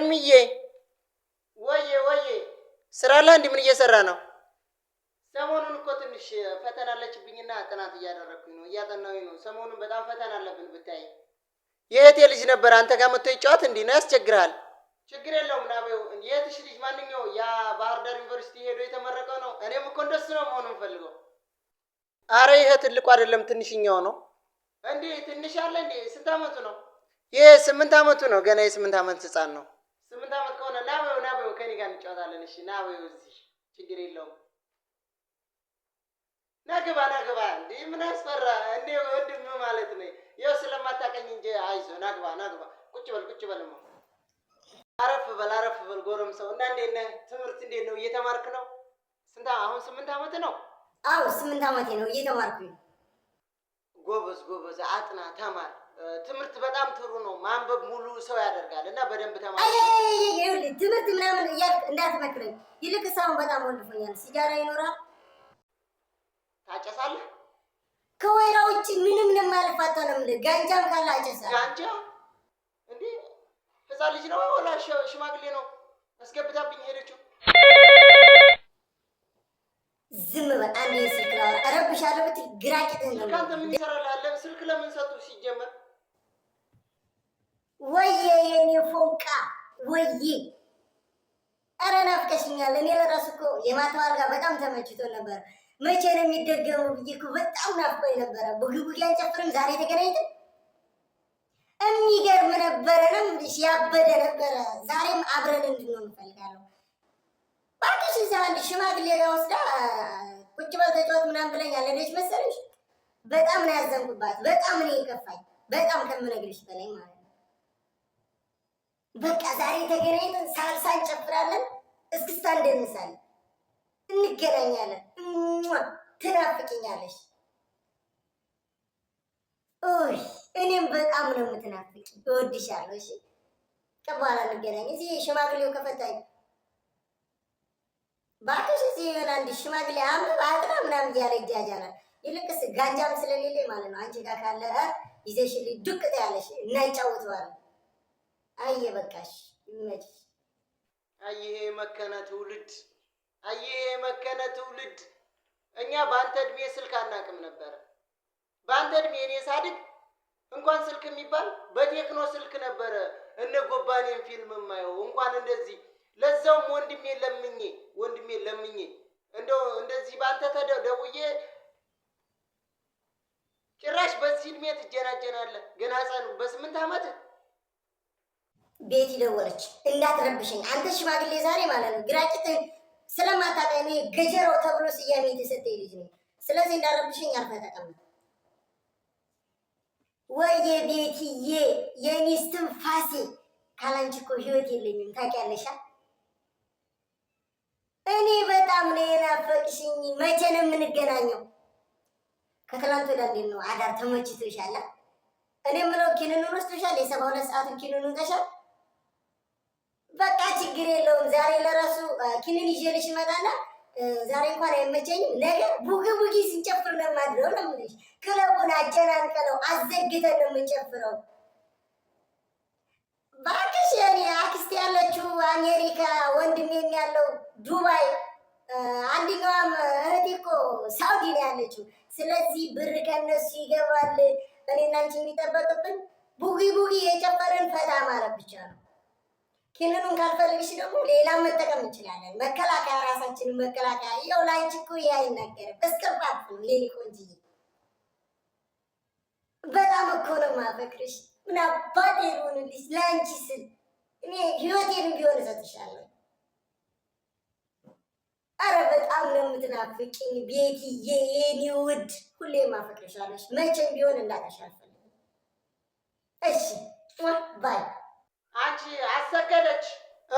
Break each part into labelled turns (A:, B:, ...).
A: ኤርሚዬ ወዬ ወዬ፣ ስራ ላይ እንዲህ ምን እየሰራ ነው?
B: ሰሞኑን እኮ ትንሽ ፈተና አለችብኝና ጥናት እያደረግኩኝ ነው፣ እያጠናሁኝ ነው። ሰሞኑን በጣም ፈተና አለብን ብታይ።
A: የእህቴ ልጅ ነበር አንተ ጋር መጥቶ ይጫወት እንዴ? ነው ያስቸግራል።
B: ችግር የለውም ናቤው፣ የእህትሽ ልጅ ማንኛው ያ ባህር ዳር ዩኒቨርሲቲ ሄዶ የተመረቀው ነው። እኔም እኮ እንደሱ ነው መሆኑን የምፈልገው።
A: አረ ይሄ ትልቁ አይደለም ትንሽኛው ነው።
B: እንዴ? ትንሽ አለ እንዴ? ስንት አመቱ ነው?
A: ይሄ ስምንት አመቱ ነው። ገና የስምንት አመት ህፃን ነው።
B: የምታመጥ ከሆነ ና በይው ና በይው ከኔ ጋር እንጫወታለን። እሺ ና በይው እዚህ ችግር የለውም። ናገባ ናገባ እንዴ ምን አስፈራ እንዴ ወንድም ማለት ነው። ያው ስለማታቀኝ እንጂ አይዞ ናግባ ናግባ። ቁጭ በል ቁጭ በል ነው አረፍ በል አረፍ በል ሰው እና እንዴት ነህ? ትምህርት እንዴት ነው? እየተማርክ ነው? ስንት አሁን ስምንት አመት ነው?
C: አዎ ስምንት አመቴ ነው። እየተማርኩ ነው።
B: ጎበዝ ጎበዝ፣ አጥና ተማር ትምህርት በጣም ጥሩ ነው። ማንበብ ሙሉ ሰው ያደርጋል እና በደንብ
C: ተማሪ ትምህርት ምናምን እንዳትመክረኝ። ይልቅ ሳሁን በጣም ወንድፎኛል። ሲጋራ ይኖራል፣ ታጨሳለ። ከወይራ ውጭ ምንም ለማለፋታ ነው የምልህ። ጋንጃም ካለ አጨሳል።
B: ጋንጃ እንዴ? ህፃን ልጅ ነው ወላ ሽማግሌ ነው? አስገብታብኝ ሄደችው።
C: ዝም በጣም ስልክ ረብሻለ ረብሻ ለብት ግራቂት ስልክ
B: አንተ ስልክ ለምን ሰጡ ሲጀመር
C: ወይ ኧረ ናፍቀሽኛል። እኔ ለራሱ እኮ የማታው አልጋ በጣም ተመችቶ ነበር። መቼ ነው የሚደገመው ብዬ እኮ በጣም ናፍቆኝ ነበረ። ቡጊ ቡጊ አንጨፍርም ዛሬ ተገናኝተን? እሚገርም ነበረ ነው ያበደ ነበረ። ዛሬም አብረን እንድንሆን እፈልጋለሁ። ባቅሽ እዛ አንድ ሽማግሌ ጋር ወስዳ ቁጭ በል ተጫወት ምናምን ብለኝ ያለደች መሰለሽ። በጣም ነው ያዘንኩባት። በጣም እኔ ይከፋኝ በጣም ከምነግርሽ በላይ ማለት ነው በቃ ዛሬ ተገናኝተን ሳልሳ እንጨፍራለን፣ እስክስታ እንደንሳለን፣ እንገናኛለን። ትናፍቅኛለሽ። ኦይ እኔም በጣም ነው የምትናፍቂ። እወድሻለሁ። እሺ በኋላ እንገናኝ። እዚህ ሽማግሌው ከፈታኝ ባክሽ፣ እዚህ የሆነ አንድ ሽማግሌ አምር በአቅራ ምናምን እያለ ይጃጃላል። ይልቅስ ጋንጃም ስለሌለ ማለት ነው አንቺ ጋር ካለ ይዘሽ ዱቅ ያለሽ እና ይጫወተዋል አየ በቃሽ፣ ይመችሽ።
B: አየ የመከነ ትውልድ፣ አየ የመከነ ትውልድ። እኛ በአንተ እድሜ ስልክ አናቅም ነበረ። በአንተ እድሜ እኔ ሳድግ እንኳን ስልክ የሚባል በቴክኖ ስልክ ነበረ። እነ ጎባኔን ፊልም የማየው እንኳን እንደዚህ ለዛውም ወንድሜ ለምኜ ወንድሜ ለምኜ እንደው እንደዚህ በአንተ ተደውዬ ጭራሽ በዚህ እድሜ ትጀናጀናለህ። ገና ህፃኑ በስምንት ዓመት
C: ቤቲ ደወለች። እንዳትረብሽኝ አንተ ሽማግሌ ዛሬ ማለት ነው ግራጭት ስለማታውቅ እኔ ገጀረው ተብሎ ስያሜ የተሰጠ ልጅ ነው። ስለዚህ እንዳረብሽኝ አርፈህ ተቀመጥ። ወየ ቤትዬ የእኔ ፋሴ ካላንቺ እኮ ህይወት የለኝም ታውቂያለሽ። እኔ በጣም ነው የናፈቅሽኝ። መቼ ነው የምንገናኘው? ከትላንት ወዲያ እንዴት ነው አዳር ተመችቶሻል? እኔ የምለው ኪንኑን ወስዶሻል? የሰባ ሁለት ሰዓቱን ኪንኑን ተሻል በቃ ችግር የለውም። ዛሬ ለራሱ ኪኒን ይዤልሽ እመጣና ዛሬ እንኳን አይመቸኝም፣ ነገ ቡግ ቡጊ ስንጨፍር ነው የማድረው ነው የምልሽ። ክለቡን አጨናንቀነው አዘግተን ነው የምንጨፍረው። እባክሽ እኔ አክስት ያለችው አሜሪካ፣ ወንድሜም ያለው ዱባይ፣ አንደኛዋም እህቴ እኮ ሳውዲ ነው ያለችው። ስለዚህ ብር ከነሱ ይገባል። እኔና አንቺ የሚጠበቅብን ቡጊ ቡጊ የጨፈርን ፈታ ማለት ብቻ ነው። ክልሉን ካልፈለግሽ ደግሞ ሌላ መጠቀም እንችላለን። መከላከያ ራሳችንን መከላከያ ይኸው ላንቺ እኮ ይሄ አይናገርም። እስከባት ነው ይሄ ቆንጅዬ፣ በጣም እኮ ነው ማፈቅርሽ። ምን አባት ሆንልሽ ለአንቺ ስል እኔ ህይወቴን ቢሆን እሰጥሻለሁ። አረ በጣም ነው የምትናፍቂኝ ቤትዬ፣ የኔ ውድ፣ ሁሌም አፈቅርሻለሽ። መቼም ቢሆን እንዳጠሻ አልፈልግም። እሺ ባይ
B: አንቺ አሰገደች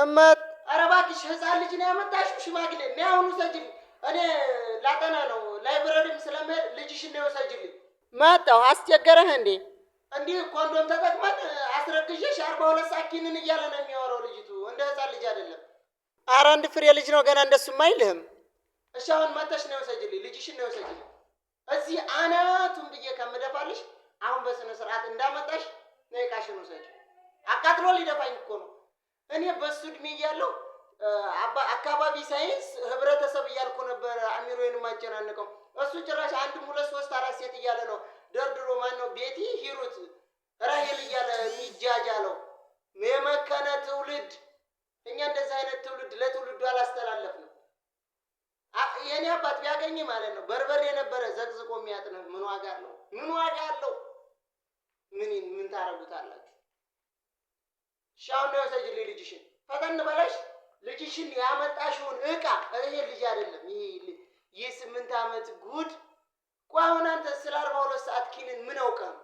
B: እመት ኧረ እባክሽ ህፃን ልጅ ነው ያመጣሽው ሽማግሌ እኔ አሁን ውሰጂልኝ እኔ ላጠና ነው ላይብረሪም ስለምሄድ ልጅሽ ነው ውሰጂልኝ
A: መጣሁ አስቸገረህ እንዴ
B: እንዲህ ኮንዶም ተጠቅመን አስረግዤሽ አርባ ሁለት ሳኪንን እያለ ነው የሚያወራው ልጅቱ እንደ ህፃን ልጅ አይደለም
A: ኧረ አንድ ፍሬ ልጅ ነው ገና እንደሱም አይልህም
B: እሺ አሁን መተሽ ነው ውሰጂልኝ ልጅሽን ነው ውሰጂልኝ እዚህ አናቱን ብዬ ከምደፋልሽ አሁን በስነ ስርዓት እንዳመጣሽ ነው ውሰጂው አቃጥሎ ሊደፋኝ እኮ ነው። እኔ በሱ እድሜ እያለሁ አካባቢ ሳይንስ ህብረተሰብ እያልኩ ነበር አሚሮዬን ማጨናንቀው። እሱ ጭራሽ አንድም ሁለት ሶስት አራት ሴት እያለ ነው ደርድሮ ማን ነው ቤቲ፣ ሂሩት፣ ራሄል እያለ የሚጃጃለው የመከነ ትውልድ። እኛ እንደዚህ አይነት ትውልድ ለትውልዱ አላስተላለፍንም። የእኔ አባት ቢያገኝ ማለት ነው በርበሬ የነበረ ዘቅዝቆ የሚያጥንህ ምን ዋጋ አለው? ምን ዋጋ አለው? ምን ምን ታረጉታላችሁ? ሻውን ያሳይልኝ ልጅሽን ፈጠን በለሽ። ልጅሽን ያመጣሽውን እቃ እኔ ልጅ አይደለም ይህ ስምንት ዓመት ጉድ። ቆይ አሁን አንተ ስለ አርባ ሁለት ሰዓት ኪንን ምን አውቀህ ነው?